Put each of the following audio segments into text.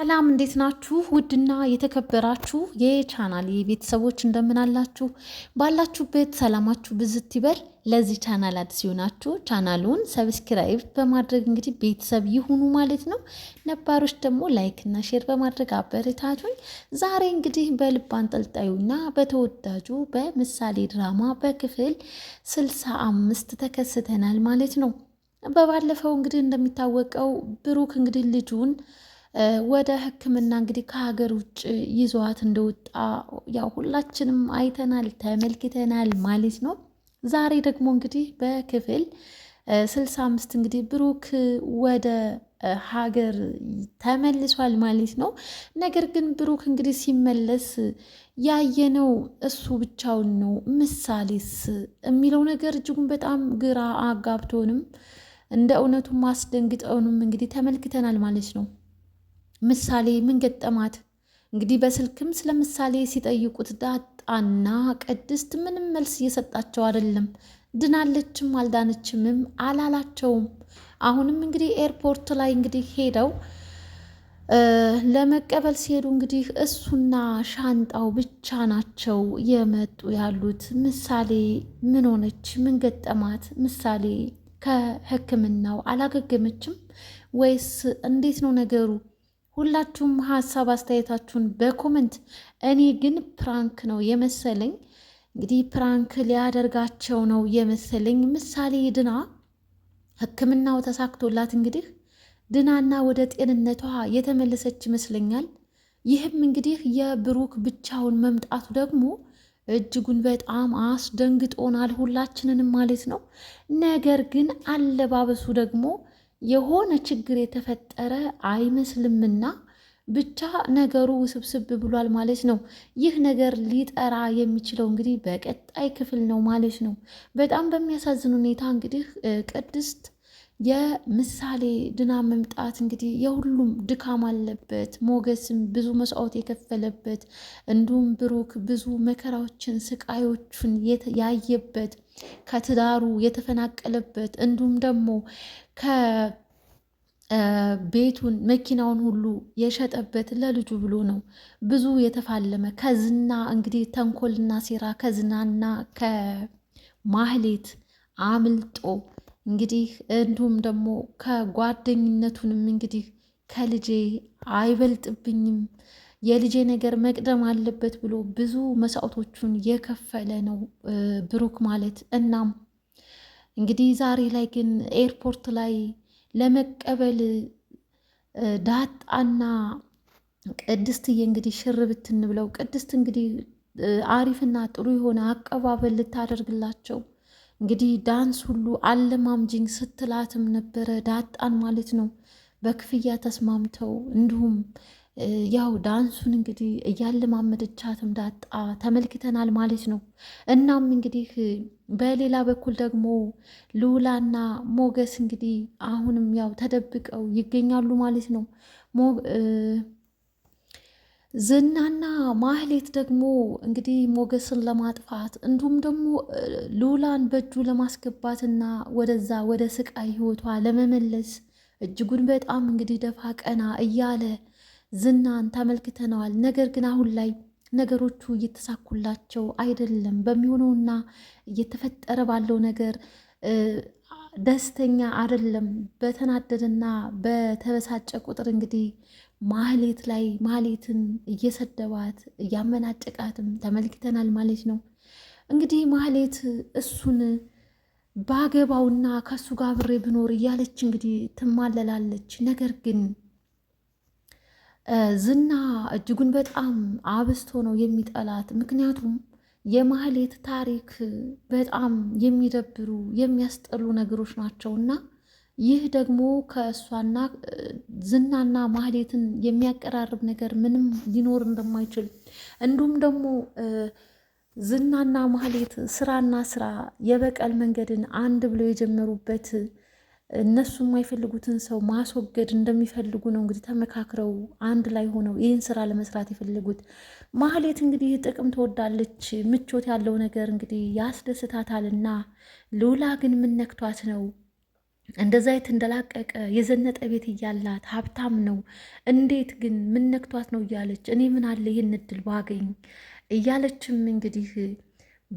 ሰላም እንዴት ናችሁ? ውድና የተከበራችሁ የቻናል ቤተሰቦች እንደምን አላችሁ? ባላችሁበት ሰላማችሁ ብዝት ይበል። ለዚህ ቻናል አዲስ ሲሆናችሁ ቻናሉን ሰብስክራይብ በማድረግ እንግዲህ ቤተሰብ ይሁኑ ማለት ነው። ነባሮች ደግሞ ላይክና ሼር በማድረግ አበረታቱኝ። ዛሬ እንግዲህ በልብ አንጠልጣዩና በተወዳጁ በምሳሌ ድራማ በክፍል ስልሳ አምስት ተከስተናል ማለት ነው። በባለፈው እንግዲህ እንደሚታወቀው ብሩክ እንግዲህ ልጁን ወደ ሕክምና እንግዲህ ከሀገር ውጭ ይዘዋት እንደወጣ ያው ሁላችንም አይተናል ተመልክተናል ማለት ነው። ዛሬ ደግሞ እንግዲህ በክፍል ስልሳ አምስት እንግዲህ ብሩክ ወደ ሀገር ተመልሷል ማለት ነው። ነገር ግን ብሩክ እንግዲህ ሲመለስ ያየነው እሱ ብቻውን ነው፣ ምሳሌስ የሚለው ነገር እጅጉን በጣም ግራ አጋብቶንም እንደ እውነቱም ማስደንግጠውንም እንግዲህ ተመልክተናል ማለት ነው። ምሳሌ ምን ገጠማት? እንግዲህ በስልክም ስለ ምሳሌ ሲጠይቁት ዳጣና ቅድስት ምንም መልስ እየሰጣቸው አይደለም። ድናለችም አልዳነችምም አላላቸውም። አሁንም እንግዲህ ኤርፖርት ላይ እንግዲህ ሄደው ለመቀበል ሲሄዱ እንግዲህ እሱና ሻንጣው ብቻ ናቸው የመጡ ያሉት። ምሳሌ ምን ሆነች? ምን ገጠማት? ምሳሌ ከሕክምናው አላገገመችም ወይስ እንዴት ነው ነገሩ? ሁላችሁም ሀሳብ አስተያየታችሁን በኮመንት እኔ ግን ፕራንክ ነው የመሰለኝ እንግዲህ ፕራንክ ሊያደርጋቸው ነው የመሰለኝ። ምሳሌ ድና ህክምናው ተሳክቶላት እንግዲህ ድናና ወደ ጤንነቷ የተመለሰች ይመስለኛል። ይህም እንግዲህ የብሩክ ብቻውን መምጣቱ ደግሞ እጅጉን በጣም አስደንግጦናል ሁላችንንም ማለት ነው። ነገር ግን አለባበሱ ደግሞ የሆነ ችግር የተፈጠረ አይመስልምና ብቻ ነገሩ ውስብስብ ብሏል ማለት ነው። ይህ ነገር ሊጠራ የሚችለው እንግዲህ በቀጣይ ክፍል ነው ማለት ነው። በጣም በሚያሳዝን ሁኔታ እንግዲህ ቅድስት የምሳሌ ድና መምጣት እንግዲህ የሁሉም ድካም አለበት። ሞገስም ብዙ መስዋዕት የከፈለበት እንዲሁም ብሩክ ብዙ መከራዎችን ስቃዮችን ያየበት ከትዳሩ የተፈናቀለበት እንዲሁም ደግሞ ከቤቱን መኪናውን ሁሉ የሸጠበት ለልጁ ብሎ ነው። ብዙ የተፋለመ ከዝና እንግዲህ ተንኮልና ሴራ ከዝናና ከማህሌት አምልጦ እንግዲህ እንዲሁም ደግሞ ከጓደኝነቱንም እንግዲህ ከልጄ አይበልጥብኝም የልጄ ነገር መቅደም አለበት ብሎ ብዙ መስዋዕቶቹን የከፈለ ነው ብሩክ ማለት። እናም እንግዲህ ዛሬ ላይ ግን ኤርፖርት ላይ ለመቀበል ዳጣና ቅድስትዬ እንግዲህ ሽር ብትን ብለው ቅድስት እንግዲህ አሪፍና ጥሩ የሆነ አቀባበል ልታደርግላቸው እንግዲህ ዳንስ ሁሉ አለማምጅኝ ስትላትም ነበረ ዳጣን ማለት ነው። በክፍያ ተስማምተው እንዲሁም ያው ዳንሱን እንግዲህ እያለማመደቻትም ዳጣ ተመልክተናል ማለት ነው። እናም እንግዲህ በሌላ በኩል ደግሞ ሉላና ሞገስ እንግዲህ አሁንም ያው ተደብቀው ይገኛሉ ማለት ነው። ዝናና ማህሌት ደግሞ እንግዲህ ሞገስን ለማጥፋት እንዲሁም ደግሞ ሉላን በእጁ ለማስገባትና ወደዛ ወደ ስቃይ ህይወቷ ለመመለስ እጅጉን በጣም እንግዲህ ደፋ ቀና እያለ ዝናን ተመልክተነዋል። ነገር ግን አሁን ላይ ነገሮቹ እየተሳኩላቸው አይደለም። በሚሆነውና እየተፈጠረ ባለው ነገር ደስተኛ አይደለም። በተናደደና በተበሳጨ ቁጥር እንግዲህ ማህሌት ላይ ማህሌትን እየሰደባት እያመናጨቃትም ተመልክተናል ማለት ነው። እንግዲህ ማህሌት እሱን ባገባውና ከሱ ጋር አብሬ ብኖር እያለች እንግዲህ ትማለላለች። ነገር ግን ዝና እጅጉን በጣም አብስቶ ነው የሚጠላት። ምክንያቱም የማህሌት ታሪክ በጣም የሚደብሩ የሚያስጠሉ ነገሮች ናቸው እና ይህ ደግሞ ከእሷና ዝናና ማህሌትን የሚያቀራርብ ነገር ምንም ሊኖር እንደማይችል እንዲሁም ደግሞ ዝናና ማህሌት ስራና ስራ የበቀል መንገድን አንድ ብለው የጀመሩበት እነሱ የማይፈልጉትን ሰው ማስወገድ እንደሚፈልጉ ነው እንግዲህ ተመካክረው አንድ ላይ ሆነው ይህን ስራ ለመስራት የፈለጉት። ማህሌት እንግዲህ ጥቅም ትወዳለች፣ ምቾት ያለው ነገር እንግዲህ ያስደስታታልና፣ ልውላ ግን ምነክቷት ነው እንደዛ የተንደላቀቀ የዘነጠ ቤት እያላት ሀብታም ነው እንዴት ግን ምነክቷት ነው እያለች እኔ ምን አለ ይህን እድል ባገኝ እያለችም እንግዲህ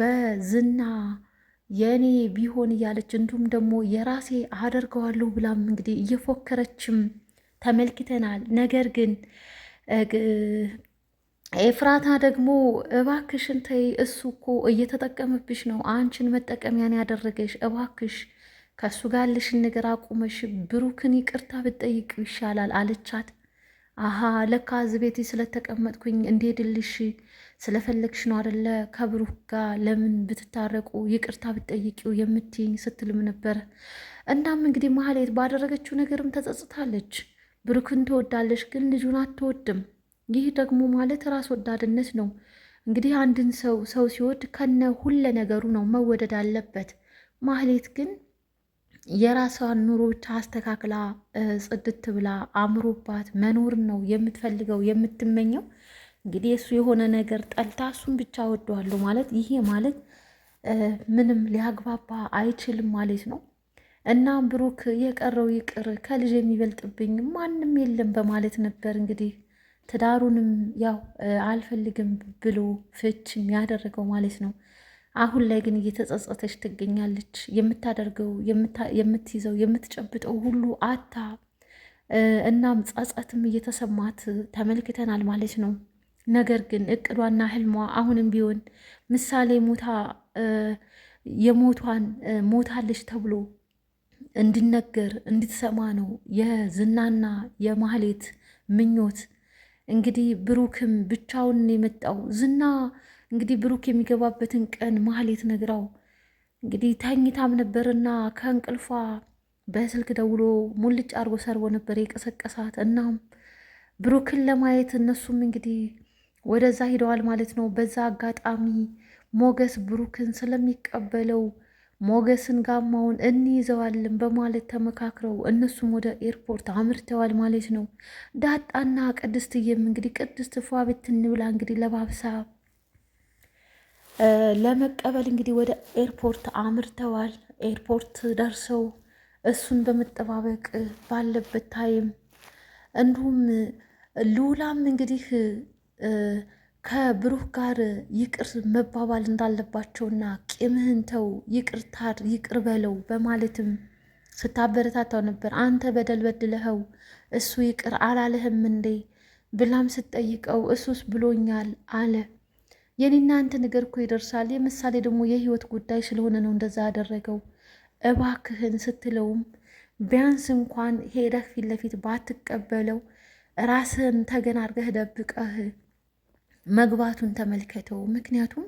በዝና የእኔ ቢሆን እያለች እንዲሁም ደግሞ የራሴ አደርገዋለሁ ብላም እንግዲህ እየፎከረችም ተመልክተናል። ነገር ግን ኤፍራታ ደግሞ እባክሽን ተይ፣ እሱ እኮ እየተጠቀምብሽ ነው፣ አንቺን መጠቀሚያን ያደረገሽ። እባክሽ ከእሱ ጋር ያለሽን ነገር አቁመሽ ብሩክን ይቅርታ ብጠይቅ ይሻላል አለቻት። አሀ ለካ እዚህ ስለተቀመጥኩኝ እንድሄድልሽ ስለፈለግሽ ነው አደለ ከብሩክ ጋር ለምን ብትታረቁ ይቅርታ ብትጠይቂው የምትይኝ ስትልም ነበር። እናም እንግዲህ ማህሌት ባደረገችው ነገርም ተጸጽታለች። ብሩክን ትወዳለች፣ ግን ልጁን አትወድም። ይህ ደግሞ ማለት ራስ ወዳድነት ነው። እንግዲህ አንድን ሰው ሰው ሲወድ ከነ ሁለ ነገሩ ነው መወደድ አለበት። ማህሌት ግን የራሷን ኑሮ ብቻ አስተካክላ ጽድት ብላ አምሮባት መኖር ነው የምትፈልገው የምትመኘው። እንግዲህ እሱ የሆነ ነገር ጠልታ እሱን ብቻ ወደዋለሁ ማለት ይሄ ማለት ምንም ሊያግባባ አይችልም ማለት ነው። እናም ብሩክ የቀረው ይቅር ከልጅ የሚበልጥብኝ ማንም የለም በማለት ነበር እንግዲህ ትዳሩንም ያው አልፈልግም ብሎ ፍችም ያደረገው ማለት ነው። አሁን ላይ ግን እየተጸጸተች ትገኛለች። የምታደርገው የምትይዘው የምትጨብጠው ሁሉ አታ እናም ጸጸትም እየተሰማት ተመልክተናል ማለት ነው። ነገር ግን እቅዷና ህልሟ አሁንም ቢሆን ምሳሌ ሞታ የሞቷን ሞታለች ተብሎ እንዲነገር እንድትሰማ ነው የዝናና የማህሌት ምኞት። እንግዲህ ብሩክም ብቻውን የመጣው ዝና እንግዲህ ብሩክ የሚገባበትን ቀን ማህሌት ነግራው እንግዲህ ተኝታም ነበርና ከእንቅልፏ በስልክ ደውሎ ሙልጭ አድርጎ ሰርቦ ነበር የቀሰቀሳት። እናም ብሩክን ለማየት እነሱም እንግዲህ ወደዛ ሂደዋል ማለት ነው። በዛ አጋጣሚ ሞገስ ብሩክን ስለሚቀበለው ሞገስን ጋማውን እንይዘዋለን በማለት ተመካክረው እነሱም ወደ ኤርፖርት አምርተዋል ማለት ነው። ዳጣና ቅድስትዬም እንግዲህ ቅድስት ፏ ብትን እንግዲህ ለባብሳ ለመቀበል እንግዲህ ወደ ኤርፖርት አምርተዋል። ኤርፖርት ደርሰው እሱን በመጠባበቅ ባለበት ታይም እንዲሁም ሉላም እንግዲህ ከብሩህ ጋር ይቅር መባባል እንዳለባቸውና ቂምህን ተው፣ ይቅርታር ይቅር በለው በማለትም ስታበረታታው ነበር። አንተ በደል በድለኸው እሱ ይቅር አላለህም እንዴ ብላም ስትጠይቀው እሱስ ብሎኛል አለ። የኔና አንተ ነገር እኮ ይደርሳል። የምሳሌ ደግሞ የህይወት ጉዳይ ስለሆነ ነው እንደዛ ያደረገው እባክህን ስትለውም ቢያንስ እንኳን ሄደህ ፊት ለፊት ባትቀበለው ራስህን ተገን ደብቀህ መግባቱን ተመልከተው። ምክንያቱም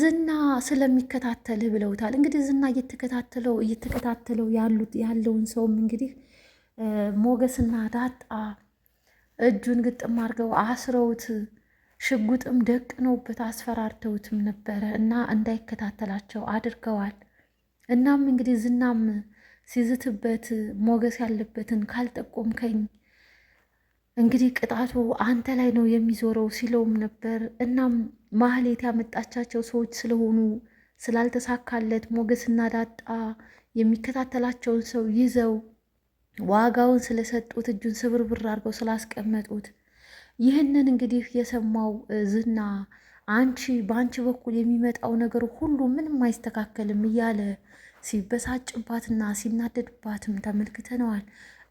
ዝና ስለሚከታተልህ ብለውታል። እንግዲህ ዝና እየተከታተለው እየተከታተለው ያሉት ያለውን ሰውም እንግዲህ ሞገስና ዳጣ እጁን ግጥም አድርገው አስረውት ሽጉጥም ደቅነውበት አስፈራርተውትም ነበረ እና እንዳይከታተላቸው አድርገዋል። እናም እንግዲህ ዝናም ሲዝትበት ሞገስ ያለበትን ካልጠቆምከኝ እንግዲህ ቅጣቱ አንተ ላይ ነው የሚዞረው ሲለውም ነበር። እናም ማህሌት ያመጣቻቸው ሰዎች ስለሆኑ ስላልተሳካለት ሞገስና ዳጣ የሚከታተላቸውን ሰው ይዘው ዋጋውን ስለሰጡት እጁን ስብርብር አድርገው ስላስቀመጡት ይህንን እንግዲህ የሰማው ዝና አንቺ በአንቺ በኩል የሚመጣው ነገር ሁሉ ምንም አይስተካከልም እያለ ሲበሳጭባትና ሲናደድባትም ተመልክተነዋል።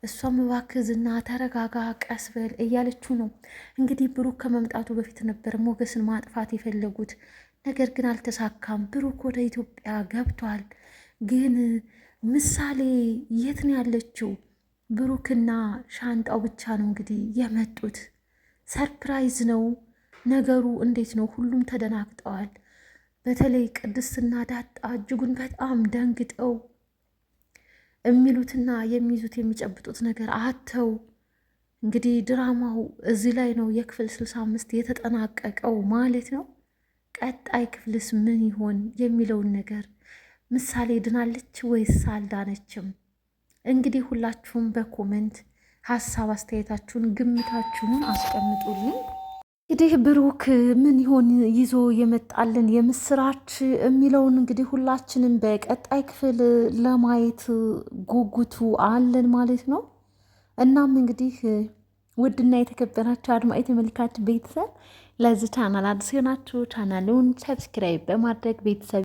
እሷም እባክህ ዝና ተረጋጋ፣ ቀስ በል እያለችው ነው። እንግዲህ ብሩክ ከመምጣቱ በፊት ነበር ሞገስን ማጥፋት የፈለጉት፣ ነገር ግን አልተሳካም። ብሩክ ወደ ኢትዮጵያ ገብቷል። ግን ምሳሌ የት ነው ያለችው? ብሩክና ሻንጣው ብቻ ነው እንግዲህ የመጡት ሰርፕራይዝ ነው ነገሩ። እንዴት ነው? ሁሉም ተደናግጠዋል። በተለይ ቅድስትና ዳጣ እጅጉን በጣም ደንግጠው የሚሉትና የሚይዙት የሚጨብጡት ነገር አተው እንግዲህ ድራማው እዚህ ላይ ነው የክፍል ስልሳ አምስት የተጠናቀቀው ማለት ነው። ቀጣይ ክፍልስ ምን ይሆን የሚለውን ነገር ምሳሌ ድናለች ወይስ አልዳነችም? እንግዲህ ሁላችሁም በኮመንት ሀሳብ አስተያየታችሁን፣ ግምታችሁን አስቀምጡልን። እንግዲህ ብሩክ ምን ይሆን ይዞ የመጣልን የምስራች የሚለውን እንግዲህ ሁላችንም በቀጣይ ክፍል ለማየት ጉጉቱ አለን ማለት ነው። እናም እንግዲህ ውድና የተከበራችሁ አድማጭ ተመልካች ቤተሰብ ለዚህ ቻናል አዲስ የሆናችሁ ቻናሉን ሰብስክራይብ በማድረግ ቤተሰብ